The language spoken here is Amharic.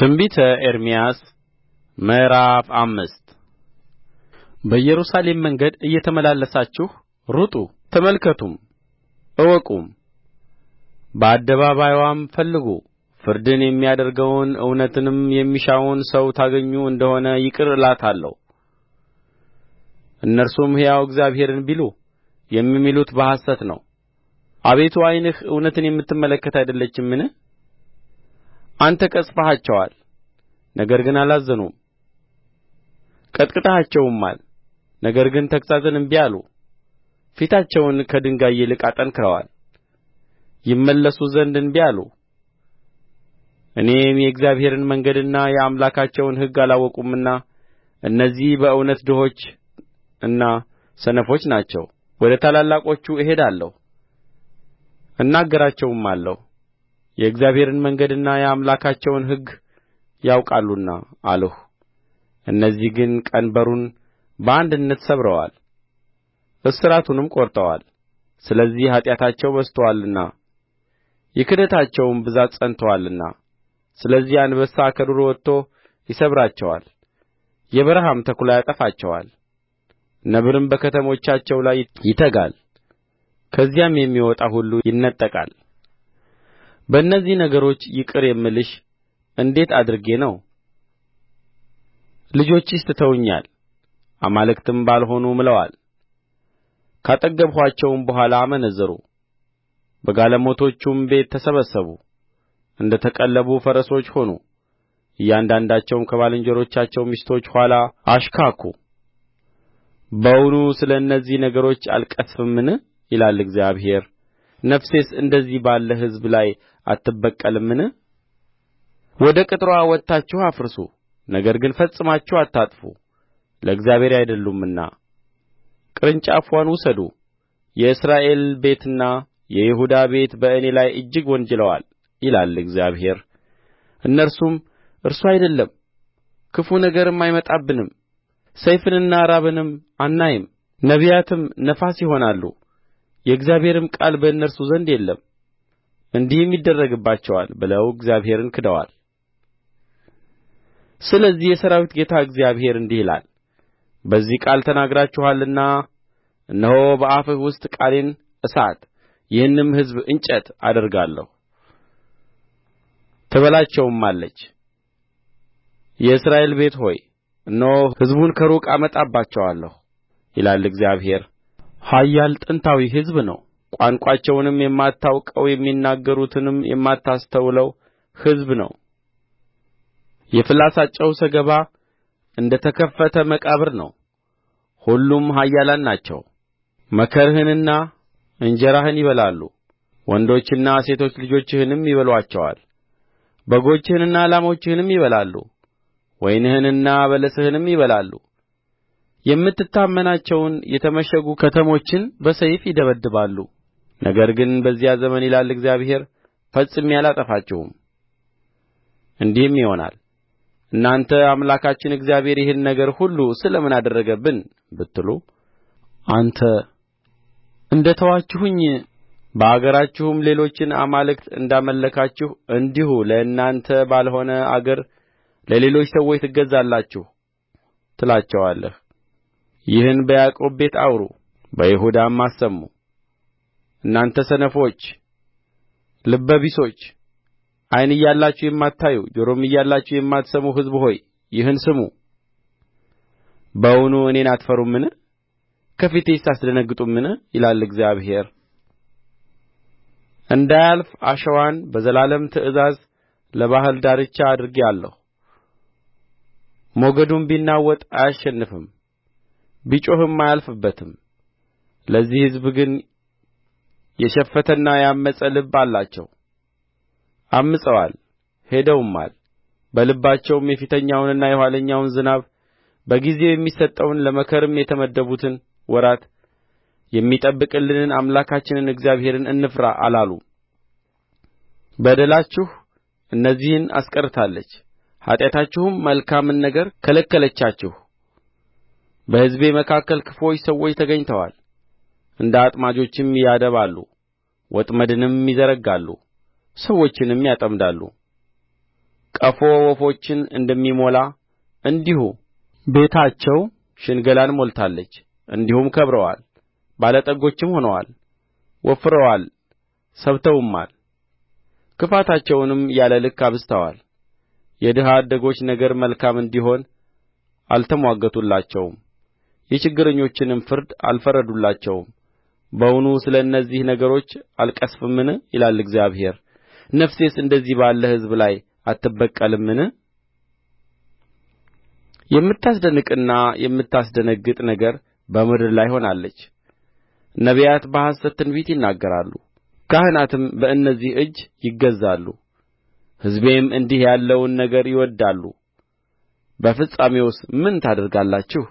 ትንቢተ ኤርምያስ ምዕራፍ አምስት በኢየሩሳሌም መንገድ እየተመላለሳችሁ ሩጡ ተመልከቱም እወቁም በአደባባይዋም ፈልጉ ፍርድን የሚያደርገውን እውነትንም የሚሻውን ሰው ታገኙ እንደሆነ ይቅር እላታለሁ እነርሱም ሕያው እግዚአብሔርን ቢሉ የሚምሉት በሐሰት ነው አቤቱ ዓይንህ እውነትን የምትመለከት አይደለችምን አንተ ቀሥፈሃቸዋል ነገር ግን አላዘኑም ቀጥቅጠሃቸውማል ነገር ግን ተግሣጽን እንቢ አሉ ፊታቸውን ከድንጋይ ይልቅ አጠንክረዋል ይመለሱ ዘንድ እንቢ አሉ እኔም የእግዚአብሔርን መንገድና የአምላካቸውን ሕግ አላወቁምና እነዚህ በእውነት ድሆች እና ሰነፎች ናቸው ወደ ታላላቆቹ እሄዳለሁ እናገራቸውማለሁ የእግዚአብሔርን መንገድና የአምላካቸውን ሕግ ያውቃሉና አልሁ እነዚህ ግን ቀንበሩን በአንድነት ሰብረዋል እስራቱንም ቈርጠዋል ስለዚህ ኃጢአታቸው በዝቶአልና የክዳታቸውም ብዛት ጸንቶአልና ስለዚህ አንበሳ ከዱር ወጥቶ ይሰብራቸዋል የበረሀም ተኵላ ያጠፋቸዋል ነብርም በከተሞቻቸው ላይ ይተጋል ከዚያም የሚወጣ ሁሉ ይነጠቃል በእነዚህ ነገሮች ይቅር የምልሽ እንዴት አድርጌ ነው ልጆችሽ ትተውኛል አማልክትም ባልሆኑ ምለዋል ካጠገብኋቸውም በኋላ አመነዘሩ በጋለሞቶቹም ቤት ተሰበሰቡ እንደ ተቀለቡ ፈረሶች ሆኑ እያንዳንዳቸውም ከባልንጀሮቻቸው ሚስቶች ኋላ አሽካኩ በውኑ ስለ እነዚህ ነገሮች አልቀሥፍምን ይላል እግዚአብሔር ነፍሴስ እንደዚህ ባለ ሕዝብ ላይ አትበቀልምን ወደ ቅጥርዋ ወጥታችሁ አፍርሱ ነገር ግን ፈጽማችሁ አታጥፉ ለእግዚአብሔር አይደሉምና ቅርንጫፍዋን ውሰዱ የእስራኤል ቤትና የይሁዳ ቤት በእኔ ላይ እጅግ ወንጅለዋል ይላል እግዚአብሔር እነርሱም እርሱ አይደለም ክፉ ነገርም አይመጣብንም ሰይፍንና ራብንም አናይም ነቢያትም ነፋስ ይሆናሉ የእግዚአብሔርም ቃል በእነርሱ ዘንድ የለም እንዲህም ይደረግባቸዋል ብለው እግዚአብሔርን ክደዋል ስለዚህ የሠራዊት ጌታ እግዚአብሔር እንዲህ ይላል በዚህ ቃል ተናግራችኋልና እነሆ በአፍህ ውስጥ ቃሌን እሳት ይህንም ሕዝብ እንጨት አደርጋለሁ ትበላቸውማለች የእስራኤል ቤት ሆይ እነሆ ሕዝቡን ከሩቅ አመጣባቸዋለሁ ይላል እግዚአብሔር ኃያል ጥንታዊ ሕዝብ ነው ቋንቋቸውንም የማታውቀው የሚናገሩትንም የማታስተውለው ሕዝብ ነው የፍላጻቸው ሰገባ እንደ ተከፈተ መቃብር ነው ሁሉም ኃያላን ናቸው መከርህንና እንጀራህን ይበላሉ ወንዶችና ሴቶች ልጆችህንም ይበሉአቸዋል በጎችህንና ላሞችህንም ይበላሉ ወይንህንና በለስህንም ይበላሉ የምትታመናቸውን የተመሸጉ ከተሞችን በሰይፍ ይደበድባሉ ነገር ግን በዚያ ዘመን ይላል እግዚአብሔር ፈጽሜ አላጠፋችሁም እንዲህም ይሆናል እናንተ አምላካችን እግዚአብሔር ይህን ነገር ሁሉ ስለ ምን አደረገብን ብትሉ አንተ እንደ ተዋችሁኝ በአገራችሁም ሌሎችን አማልክት እንዳመለካችሁ እንዲሁ ለእናንተ ባልሆነ አገር ለሌሎች ሰዎች ትገዛላችሁ ትላቸዋለህ ይህን በያዕቆብ ቤት አውሩ በይሁዳም አሰሙ እናንተ ሰነፎች ልበ ቢሶች ዓይን እያላችሁ የማታዩ ጆሮም እያላችሁ የማትሰሙ ሕዝብ ሆይ ይህን ስሙ በውኑ እኔን አትፈሩምን ከፊቴስ አትደነግጡምን ይላል እግዚአብሔር እንዳያልፍ አሸዋን በዘላለም ትእዛዝ ለባሕር ዳርቻ አድርጌአለሁ ሞገዱም ቢናወጥ አያሸንፍም ቢጮኽም አያልፍበትም ለዚህ ሕዝብ ግን የሸፈተና ያመፀ ልብ አላቸው ዐምፀዋል ሄደውማል በልባቸውም የፊተኛውንና የኋለኛውን ዝናብ በጊዜው የሚሰጠውን ለመከርም የተመደቡትን ወራት የሚጠብቅልንን አምላካችንን እግዚአብሔርን እንፍራ አላሉም በደላችሁ እነዚህን አስቀርታለች ኃጢአታችሁም መልካምን ነገር ከለከለቻችሁ በሕዝቤ መካከል ክፉዎች ሰዎች ተገኝተዋል እንደ አጥማጆችም ያደባሉ ወጥመድንም ይዘረጋሉ ሰዎችንም ያጠምዳሉ ቀፎ ወፎችን እንደሚሞላ እንዲሁ ቤታቸው ሽንገላን ሞልታለች እንዲሁም ከብረዋል ባለጠጎችም ሆነዋል ወፍረዋል ሰብተውማል ክፋታቸውንም ያለ ልክ አብዝተዋል የድሀ አደጎች ነገር መልካም እንዲሆን አልተምዋገቱላቸውም የችግረኞችንም ፍርድ አልፈረዱላቸውም በውኑ ስለ እነዚህ ነገሮች አልቀሥፍምን ይላል እግዚአብሔር ነፍሴስ እንደዚህ ባለ ሕዝብ ላይ አትበቀልምን የምታስደንቅና የምታስደነግጥ ነገር በምድር ላይ ሆናለች ነቢያት በሐሰት ትንቢት ይናገራሉ ካህናትም በእነዚህ እጅ ይገዛሉ ሕዝቤም እንዲህ ያለውን ነገር ይወድዳሉ በፍጻሜውስ ምን ታደርጋላችሁ